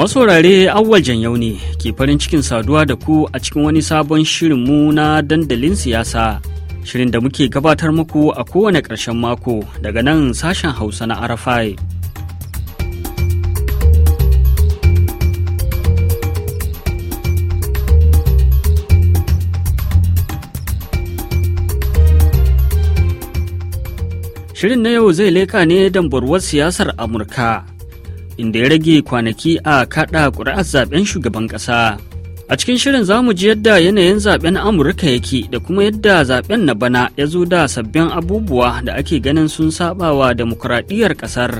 Masaurare awwal yau ne ke farin cikin saduwa da ku a cikin wani sabon shirin mu na dandalin siyasa. Shirin da muke gabatar muku a kowane ƙarshen mako daga nan sashen Hausa na Arafai. Shirin na yau zai leka ne dambarwar siyasar Amurka. inda ya rage kwanaki a kaɗa ƙuri'ar zaben shugaban ƙasa. A cikin shirin za mu ji yadda yanayin zaben Amurka yake da kuma yadda zaben na bana ya zo da sabbin abubuwa da ake ganin sun sabawa demokuraɗiyyar ƙasar.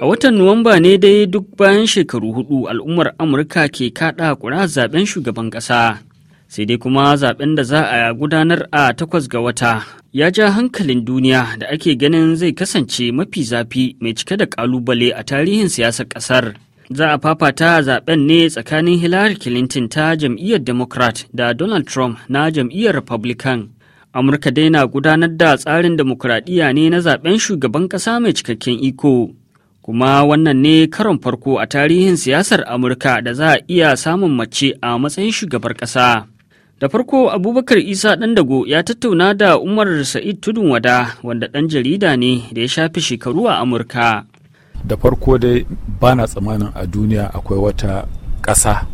A watan Nuwamba ne dai duk bayan shekaru hudu al'ummar Amurka ke kaɗa ƙuri'ar zaben shugaban ƙasa. sai dai kuma zaben da za a gudanar a takwas ga wata ya ja hankalin duniya da ake ganin zai kasance mafi zafi mai cike da kalubale a tarihin siyasar kasar za a fafata zaben ne tsakanin hillary clinton ta jam'iyyar democrat da donald trump na jam'iyyar republican amurka dai na gudanar da tsarin demokuraɗiyya ne na zaben shugaban ƙasa mai cikakken iko kuma wannan ne karon farko a tarihin siyasar amurka da za a iya samun mace a matsayin shugabar ƙasa. Da farko Abubakar Isa ɗan ya tattauna da Umar Sa'id Tudun Wada wanda ɗan jarida ne da ya shafi shekaru a Amurka. Da farko dai bana tsammanin a duniya akwai wata ƙasa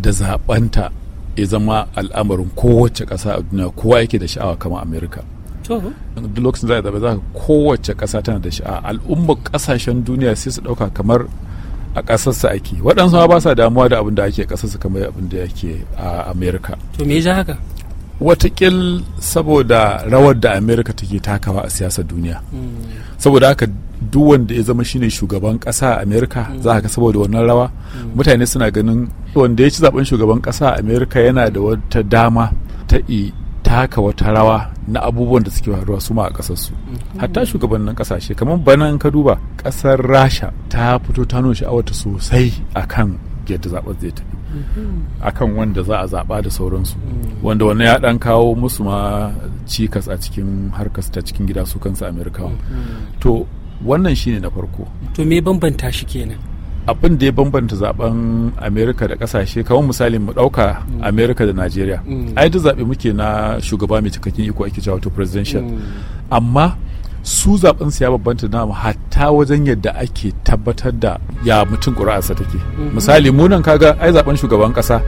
da zaɓanta ya zama al'amarin kowace ƙasa a duniya kowa yake da sha'awa kama Amerika. Duk lokacin za a zaɓe kowace ƙasa tana da sha'awa al'ummar ƙasashen duniya sai su ɗauka kamar a ƙasarsa ake waɗansu ba sa damuwa da abin da ake ƙasarsa kamar abin da yake a amerika to me ya haka watakil saboda rawar da amerika take takawa a siyasar duniya hmm. saboda haka duk wanda ya zama shine shugaban ƙasa a amerika za ka saboda wannan rawa hmm. mutane suna ganin wanda ya ci zaben shugaban ƙasa a amerika yana da wata dama ta taka wata rawa na abubuwan da suke faruwa su ma a ƙasarsu hatta shugabannin ƙasashe kamar bana in ka duba ƙasar rasha ta fito ta nuna sha'awarta sosai akan yadda zaɓar zai tafi akan wanda za a zaɓa da sauransu wanda wannan ya ɗan kawo musu ma cikas a cikin harkar ta cikin gida su kansu amerika to wannan shine na farko to me bambanta shi kenan abin da ya bambanta zaben amerika da kasashe kamar misali mu dauka mm. amerika da nigeria mm. ai duk zaɓe muke na shugaba mai cikakken iko ake cewa to presidential mm. amma su zaben su ya bambanta na hatta wajen yadda ake tabbatar da ya mutum ƙuri'arsa take mm-hmm. misali munan kaga ai zaben shugaban kasa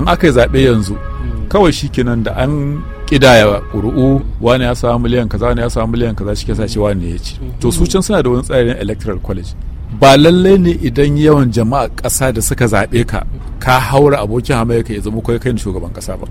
in aka yi zaɓe yanzu kawai shi kenan da an kidaya ƙuri'u wani ya samu miliyan kaza wani ya samu miliyan kaza shi ke sa cewa ne ya ci mm-hmm. to su can suna da wani tsarin electoral college ba lalle ne idan yawan jama'a ƙasa da suka zaɓe ka ka haura abokin hamayya ya zama kai kai shugaban ƙasa ba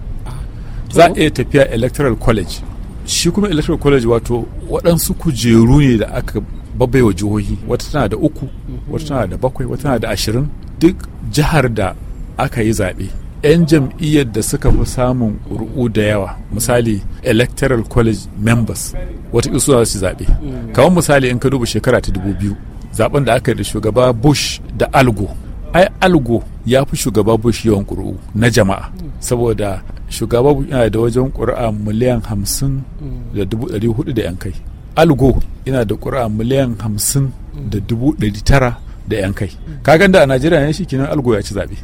za a iya tafiya electoral college shi kuma electoral college wato waɗansu kujeru ne da aka babbaiwa jihohi wata tana da uku wata tana da bakwai wata tana da ashirin duk jihar da aka yi zaɓe 'yan jam'iyyar da suka fi samun ƙuri'u da yawa misali electoral college members wata suna su zaɓe mm. kamar misali in ka duba shekara ta dubu biyu zaben da aka yi da shugaba bush da algo ai algo ya fi shugaba bush yawan ƙuri'u na jama'a saboda shugaba bush yana da wajen ƙuri'a miliyan hamsin da dubu ɗari hudu da yan kai algo yana da ƙuri'a miliyan hamsin da dubu ɗari tara da yan kai kagan da a najeriya ne shi kenan algo ya ci zaɓe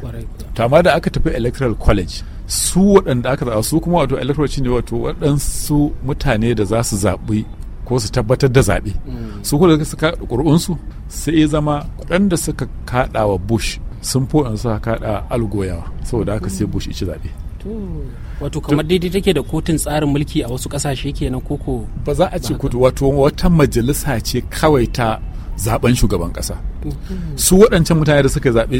to amma da aka tafi electoral college su waɗanda aka zaɓa su kuma wato electoral ne wato waɗansu mutane da za su zaɓi ko su tabbatar da zaɓe mm. su kuma da suka ƙuri'unsu sai ya zama da suka kaɗa wa bush sun fi suka kaɗa algoyawa saboda aka sai bush ci zaɓe wato kamar daidai take da kotun tsarin mulki a wasu ƙasashe kenan koko ba za a ce kudu wato wata majalisa ce kawai ta zaben shugaban ƙasa mm. su waɗancan mutane da suka zaɓe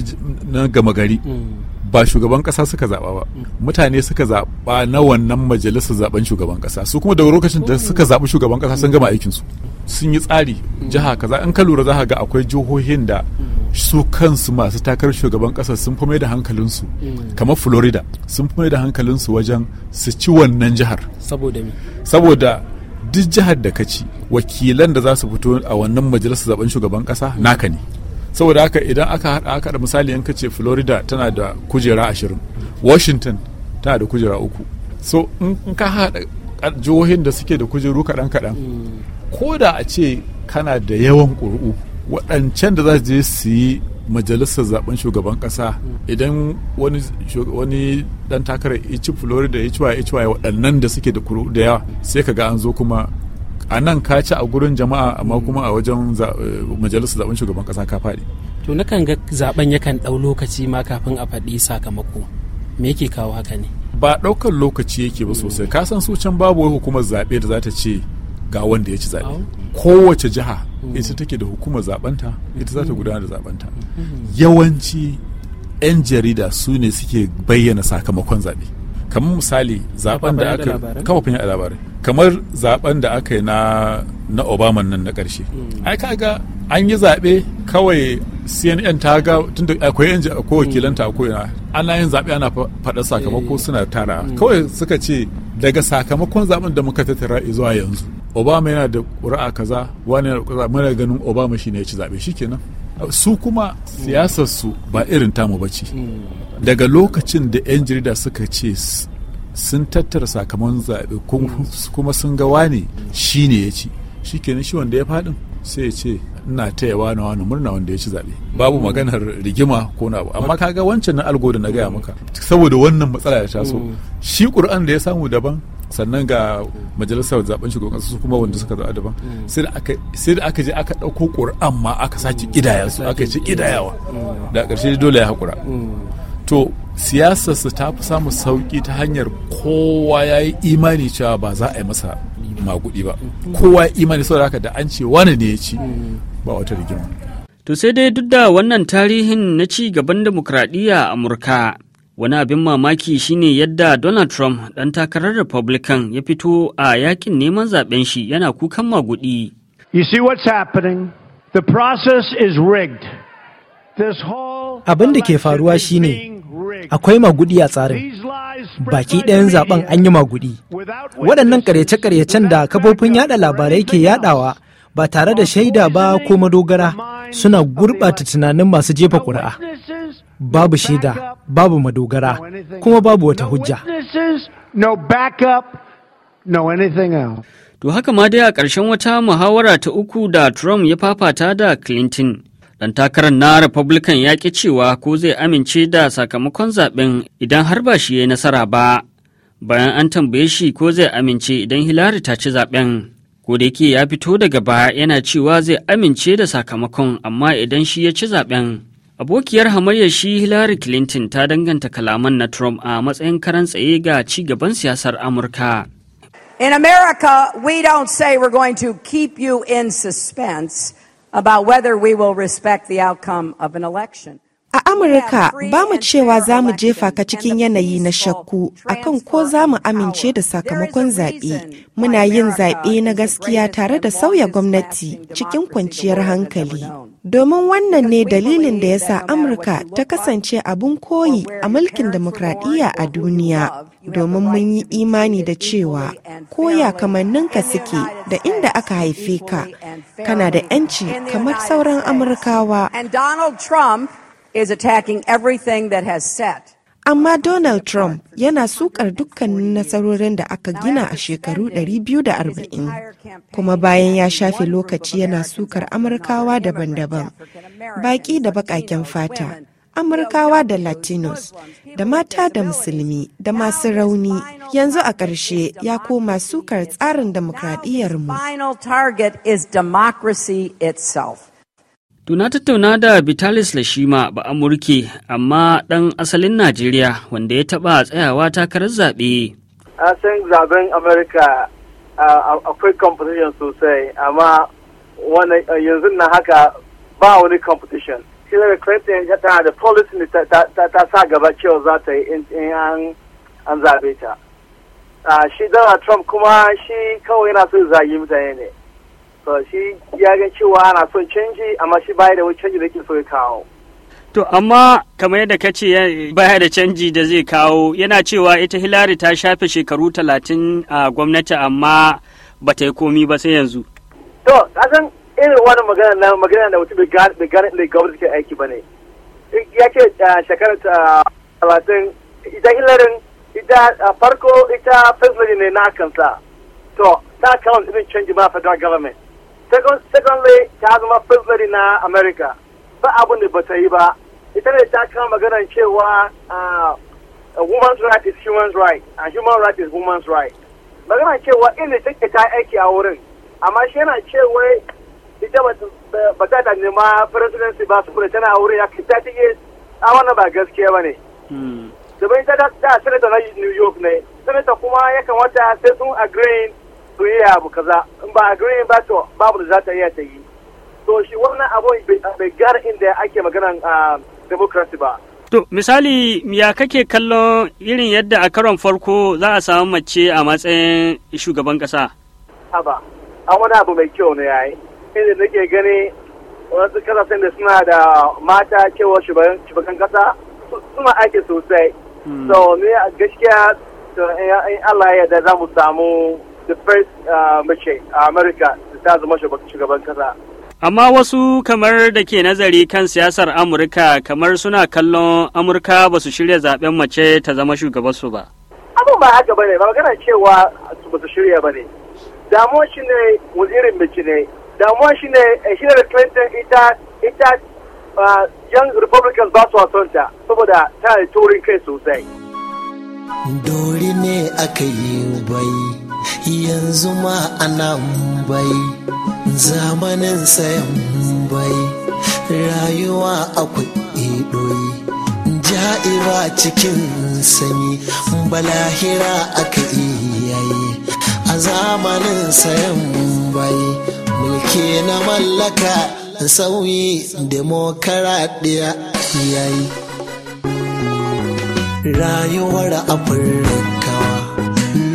na gama gari mm. ba shugaban kasa suka zaba ba mutane suka zaba na wannan majalisar zaben shugaban kasa su kuma daga lokacin da suka zaɓi shugaban kasa sun gama aikin su sun yi tsari jiha kaza in ka lura za ga akwai jihohin da su kansu masu takarar shugaban kasa sun fi mai da su. kamar florida sun fi mai da su wajen su ci wannan jihar saboda saboda duk jihar da ka ci wakilan da za su fito a wannan majalisar zaben shugaban kasa naka ne saboda haka idan aka hada aka da misali yanka ce florida tana da kujera ashirin washington tana da kujera uku so in ka hada jihohin da suke da kujeru kaɗan kaɗan mm. ko da a ce kana da yawan ƙuri'u waɗancan da za su je su yi majalisar zaben shugaban ƙasa mm. idan wani dan takarar ichi florida ya ci waye waɗannan da suke da ƙuri'u da yawa sai ka ga an zo kuma a nan ka ci a gurin jama'a amma kuma a wajen eh, majalisar zaben shugaban kasa ka faɗi to na kan ga zaben yakan ɗau lokaci ma kafin a faɗi sakamako me yake kawo haka ne ba ɗaukar lokaci yake ba sosai ka san su can babu wai hukumar zaɓe da za ta ce ga wanda ya ci zaɓe kowace jiha mm. ita take da hukumar zaɓenta ita za ta mm. gudanar da zaɓenta mm. yawanci 'yan jarida su ne suke bayyana sakamakon zaɓe kamar misali zaben da aka yada labarai kamar zaben da aka yi na obama nan na karshe hmm. ai kaga an yi zaɓe kawai cnn ta ga tunda akwai yan ko wakilanta a koyana ana yin zaɓe ana faɗa sakamako eh. suna tara hmm. kawai suka ce daga sakamakon zaben da muka tattara zuwa yanzu obama yana da ƙuri'a kaza wani yana da ƙuri'a muna ganin obama shine ya ci zaɓe shikenan su kuma siyasarsu ba irin tamu ba ce daga lokacin da 'yan jarida suka ce sun tattara sakamakon zaɓe mm. kuma sun ga wane shi ne ya ci shi kenan shi wanda ya faɗin sai ya ce ina taya wani wani murna wanda ya ci zaɓe babu mm. maganar rigima ko na abu amma kaga wancan na algo da na gaya maka saboda wannan matsala ya taso mm. shi ƙur'an da ya samu daban sannan ga majalisar zaben shugaban kasa su kuma wanda suka zaɓa daban sai da aka je aka ɗauko ƙur'an ma aka sake ƙidaya su aka ce ƙidayawa da ƙarshe dole ya haƙura to su ta fi samun sauƙi ta hanyar kowa ya yi imani cewa ba za a yi masa maguɗi ba kowa ya imani saboda haka da an ce wani ne ya ci ba wata rigima to sai dai duk da wannan tarihin na ci gaban demokradiyya a amurka Wani abin mamaki shine yadda Donald Trump ɗan takarar Republican ya fito a yakin neman zaben shi yana kukan magudi. You see what's happening? The process is rigged. This whole Abin da ke faruwa shine akwai magudi a tsarin. Baki ɗayan zaben an yi magudi. Waɗannan ƙaryace-ƙaryacen da kafofin yada labarai ke yadawa ba tare da shaida ba ko madogara suna gurɓata tunanin masu jefa ƙuri'a. babu shaida babu madogara kuma babu wata hujja to haka ma dai a ƙarshen wata muhawara ta uku da trump ya fafata da clinton dan takarar na republican ya ƙi cewa ko zai amince da sakamakon zaɓen idan har ba shi ya nasara ba bayan an tambaye shi ko zai amince idan hillary ta ci zaɓen ko da yake ya fito daga baya yana cewa zai amince da sakamakon amma idan shi ya ci zaɓen. Abokiyar hamayyar shi Hillary Clinton ta danganta kalaman na Trump a matsayin karan tsaye ga ci gaban siyasar Amurka. In America, we don't say we're going to keep you in suspense about whether we will respect the outcome of an election. A Amurka ba mu cewa za mu jefa ka cikin yanayi na shakku akan ko za mu amince da sakamakon zaɓe. Muna yin zaɓe na gaskiya tare da sauya gwamnati cikin kwanciyar hankali. Domin wannan ne dalilin da ya sa Amurka ta kasance abin koyi a mulkin demokradiyya a duniya. Domin mun yi imani da cewa ko koya kamanninka suke da inda aka haife ka, kana da 'yanci kamar sauran Amurkawa. is attacking everything that has set. Amma Donald Trump yana sukar dukkanin nasarorin da aka gina a shekaru 240 kuma bayan ya shafe lokaci yana sukar Amurkawa daban-daban, baƙi da baƙaƙen fata, Amurkawa da Latinos, da mata da musulmi, da masu rauni, yanzu a ƙarshe ya koma sukar tsarin demokradiyyarmu. To na tattauna da Vitalis Lashima ba Amurke amma ɗan asalin Najeriya wanda ya taɓa tsayawa takarar zaɓe. A san zaben Amerika akwai competition sosai amma yanzu na haka ba wani competition. Hillary Clinton ya tana da policy ta sa gaba cewa za ta yi in an zaɓe ta. Shi Donald Trump kuma shi kawai yana so zagi mutane ne. to shi ya ga cewa ana son canji amma shi baya da wani canji da ke so ya kawo To amma kamar yadda ka ce baya da canji da zai kawo yana cewa ita Hillary ta shafe shekaru talatin a gwamnati amma ba ta yi komi ba sai yanzu. To, kasan irin wani magana na magana da mutum bai gwamnati ke aiki ba ne. Ya ce eh, shekarar eh, talatin ita Hillary ita farko ita Pennsylvania ne na kansa. To, ta kawo irin canji ma federal government. secondly ta zama fulfari na america ba abin da ba ta yi ba ita ne ta kama maganar cewa ah, woman's right is human's right and human right is woman's right maganar cewa inda take ta aiki a wurin amma shi yana cewa ita ba ta da nema presidency ba su tana a wurin ya ta take a wannan ba gaskiya ba ne hmm. domin ta da senator na new york ne senator kuma ya kamata sai sun agree su yi abu kaza in ba a agree ba to babu da za ta iya ta yi to shi wannan abu bai gara inda ake magana a ah, democracy ba To misali ya kake kallon irin yadda a karon farko za a samu mace a matsayin shugaban kasa? Haba, an wani abu mai kyau ne yayi. Inda nake gani wasu kasashen da suna da mata cewa shugaban kasa suna ake sosai. Hmm. So ne gaskiya in Allah ya da za mu samu the first uh, mace a America da ta zama shugaban kasa. Amma wasu kamar da ke nazari kan siyasar Amurka kamar suna kallon Amurka ba su shirya zaben mace ta zama shugaban su ba. Abin ba haka bane ba magana cewa ba su shirya ba ne. Damuwa shi ne wani mace ne. Damuwa eh, shi ne da Clinton ita ita uh, yan Republicans ba su wasanta saboda ta yi turin kai sosai. Dori ne aka yi bai. yanzu ma ana bai zamanin sayan bai rayuwa akwai doyi ja'ira cikin sanyi balahira aka iyaye a zamanin sayan bai mulki na mallaka sauyi demokaradiyya yayi rayuwar afirka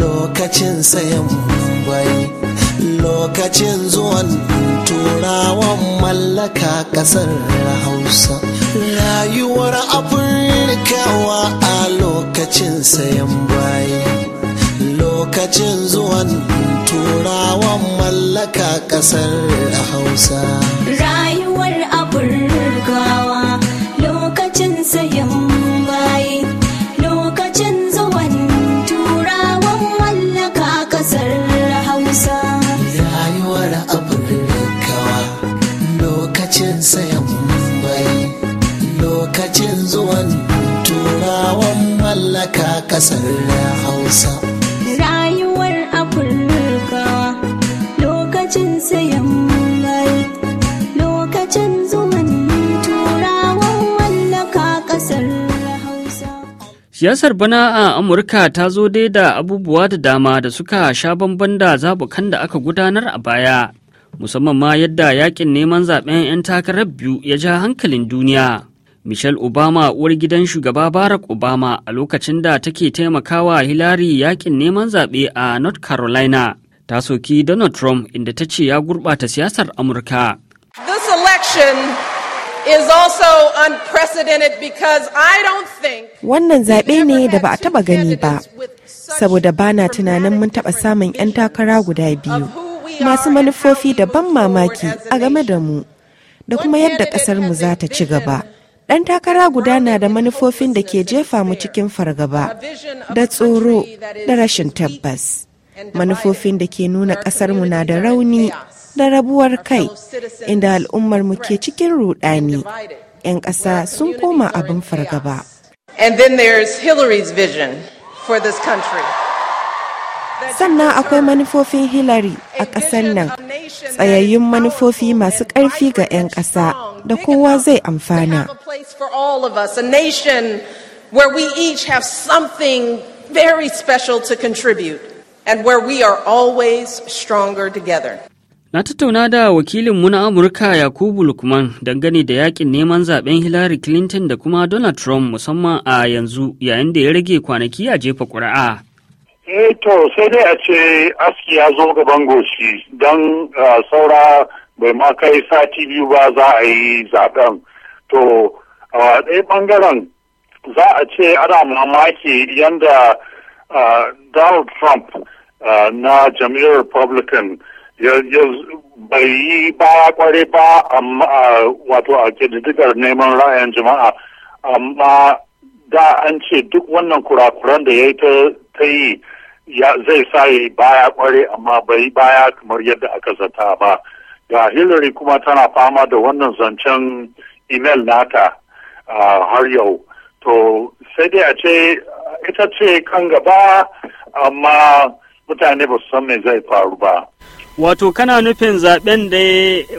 lokacin sayan gwai lokacin zuwan turawan mallaka kasar hausa rayuwar afirkawa a lokacin sayan bayi lokacin zuwan turawan mallaka kasar hausa rayuwar afirkawa lokacin sayan Siyasar bana a Amurka ta zo dai da abubuwa da dama da suka sha bamban da zabukan da aka gudanar a baya, musamman ma yadda yakin neman zaben 'yan takarar biyu ya ja hankalin duniya. Michelle Obama uwar gidan shugaba Barack Obama a lokacin da take taimakawa Hillary yakin neman zaɓe a North Carolina ta soki Donald Trump inda ta ce ya gurɓata siyasar Amurka. This election is also unprecedented because I don't think Wannan zaɓe ne da ba a taɓa gani ba, saboda ba na tunanin mun taɓa samun 'yan takara guda biyu, masu manufofi da ban mamaki a game da mu, da kuma yadda ƙasarmu za ta ci gaba. Ɗan takara guda na da manufofin da ke jefa mu cikin fargaba, da tsoro, da rashin tabbas. Manufofin da ke nuna ƙasarmu na da rauni da rabuwar kai inda al'ummar mu ke cikin rudani 'yan ƙasa sun koma abin fargaba. Sannan akwai manufofin Hillary a ƙasar nan, tsayayyun manufofi masu ƙarfi ga 'yan ƙasa da kowa zai amfana. Where we each have something very special to contribute, and where we are always stronger together. Na tattauna da wakilin mu na Amurka Yakubu Lukman dangane da yakin neman zaben Hillary Clinton da kuma Donald Trump musamman a yanzu yayin da ya rage kwanaki a jefa ƙuri'a. Eh to sai dai a ce aski ya zo gaban goshi don saura bai ma kai sati biyu ba za a yi zaben. To a ɗaya ɓangaren za a ce ana mamaki yanda Donald Trump na jam'iyyar Republican bai yi baya kware ba amma wato a ƙididdigar neman ra'ayin jama'a amma da an ce duk wannan kurakuran da ya yi ta yi zai sa ya yi baya kware amma bai baya kamar yadda aka zata ba ga hillary kuma tana fama da wannan zancen email nata har yau to sai dai a ce ita ce kan gaba amma mutane ba su san me zai faru ba. Wato kana nufin zaben da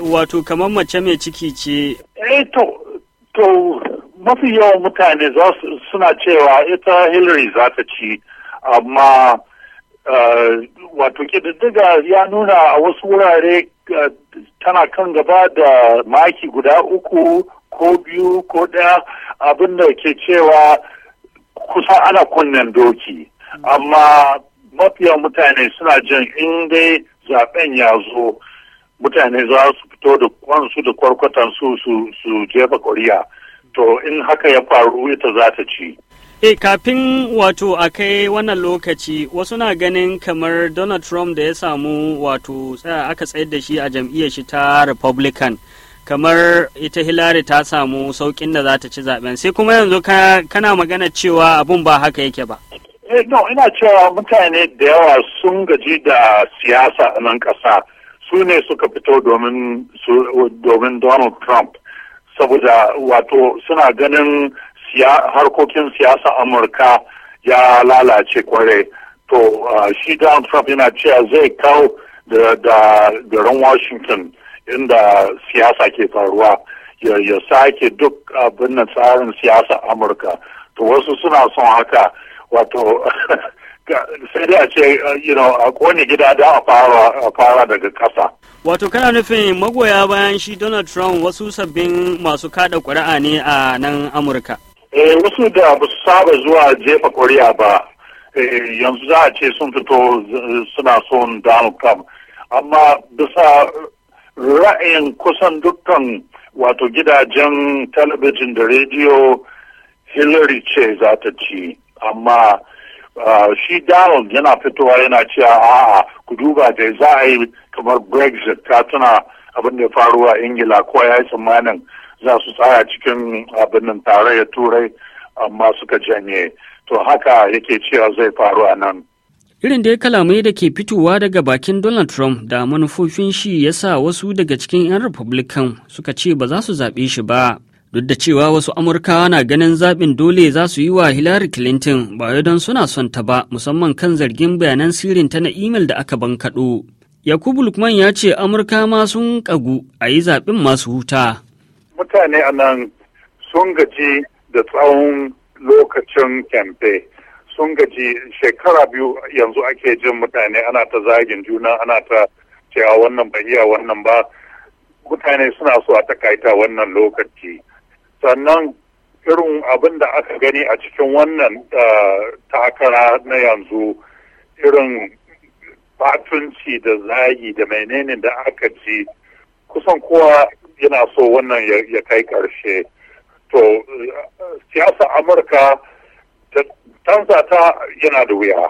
wato kamar mace mai ciki ce? Eh to, to mafi yawan mutane suna cewa ita Hillary za ta ci, amma eh, wato ƙididdiga ya nuna a wasu wurare eh, tana kan gaba da maki guda uku ko biyu ko ɗaya abin da ke cewa kusa ana kunnen doki. Amma mafiya mutane suna jin in dai zaben ya zo mutane za su fito da kwansu da kwarkwatan su su jefa ƙuri'a to in haka ya faru ita za ta ci E kafin wato a kai wannan lokaci wasu na ganin kamar Donald Trump da ya samu wato tsaya aka tsayar da shi a jam'iyyar shi ta Republican kamar ita Hillary ta samu saukin da za ta ci zaben sai kuma yanzu kana magana cewa abun ba haka yake ba. e no ina cewa mutane da yawa sun gaji da siyasa a nan ƙasa su ne suka fito domin Donald Trump saboda wato suna ganin harkokin siyasa Amurka ya lalace kware to ah, shi Donald Trump yana cewa zai kawo da garin Washington inda siyasa ke faruwa ya sake duk abin tsarin siyasa Amurka to wasu suna son haka wato sai dai a ce uh, a kone gida da a fara a daga ƙasa wato kana nufin magoya bayan shi Donald Trump wasu sabbin masu kada kuri'a ne a nan Amurka eh wasu da ba su saba zuwa jefa ƙuri'a ba eh, yanzu za a ce sun fito eh, suna son Donald Trump amma bisa ra'ayin kusan dukkan wato gidajen talabijin da rediyo Hillary ce za ta ci amma ah, shi donald yana fitowa yana cewa a'a ku duba da za a yi kamar brexit ta tuna abin da ya faru a ingila ko ya yi tsammanin za su tsaya cikin abin nan tarayyar turai amma suka janye to haka yake cewa zai faru a nan irin da ya kalamai da ke fitowa daga bakin donald trump da manufofin shi ya sa wasu daga cikin 'yan republican suka ce ba za su zaɓe shi ba duk da cewa wasu amurkawa na ganin zaɓin dole za su yi wa hillary clinton ba don suna son ta ba musamman kan zargin bayanan sirrin ta na imel da aka bankaɗo yakubu lukman ya ce amurka ma sun kagu a yi zaɓin masu huta mutane a nan sun gaji da tsawon lokacin kyamfe sun gaji shekara biyu yanzu ake jin mutane ana ta zagin juna ana ta cewa wannan bai iya wannan ba mutane suna so a takaita wannan lokaci sannan irin abin da aka gani a cikin wannan takara na yanzu irin batunci da zagi da menene da aka ji kusan kowa yana so wannan ya kai karshe to siyasa amurka tanza ta yana da wuya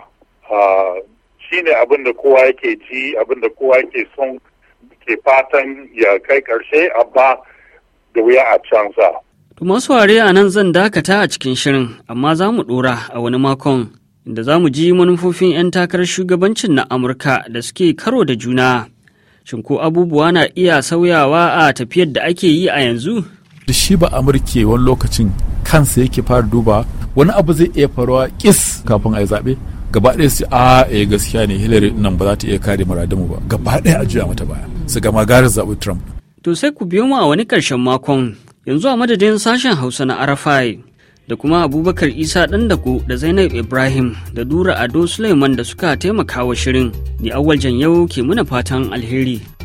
shi ne abin da kowa yake ji abin da kowa yake son ke fatan ya kai ƙarshe amma da wuya a canza Masu ware a nan zan dakata a cikin shirin, amma za mu ɗora a wani makon, inda za mu ji manufofin 'yan takarar shugabancin na Amurka da suke karo da juna. Shin ko abubuwa na iya sauyawa a tafiyar da ake yi a yanzu? Da shi ba Amurke wani lokacin kansa yake fara duba wani abu zai iya faruwa kis kafin a yi zaɓe. gaba ɗaya su a eh gaskiya ne hillary nan ba za ta iya kare muradinmu ba gaba ɗaya a juya mata baya su gama gare zaɓi trump to sai ku biyo mu a wani ƙarshen makon yanzu a madadin sashen hausa na arafai da kuma abubakar isa ɗandako da zainab ibrahim da dura ado suleiman da suka taimaka wa shirin ne awwal yau ke muna fatan alheri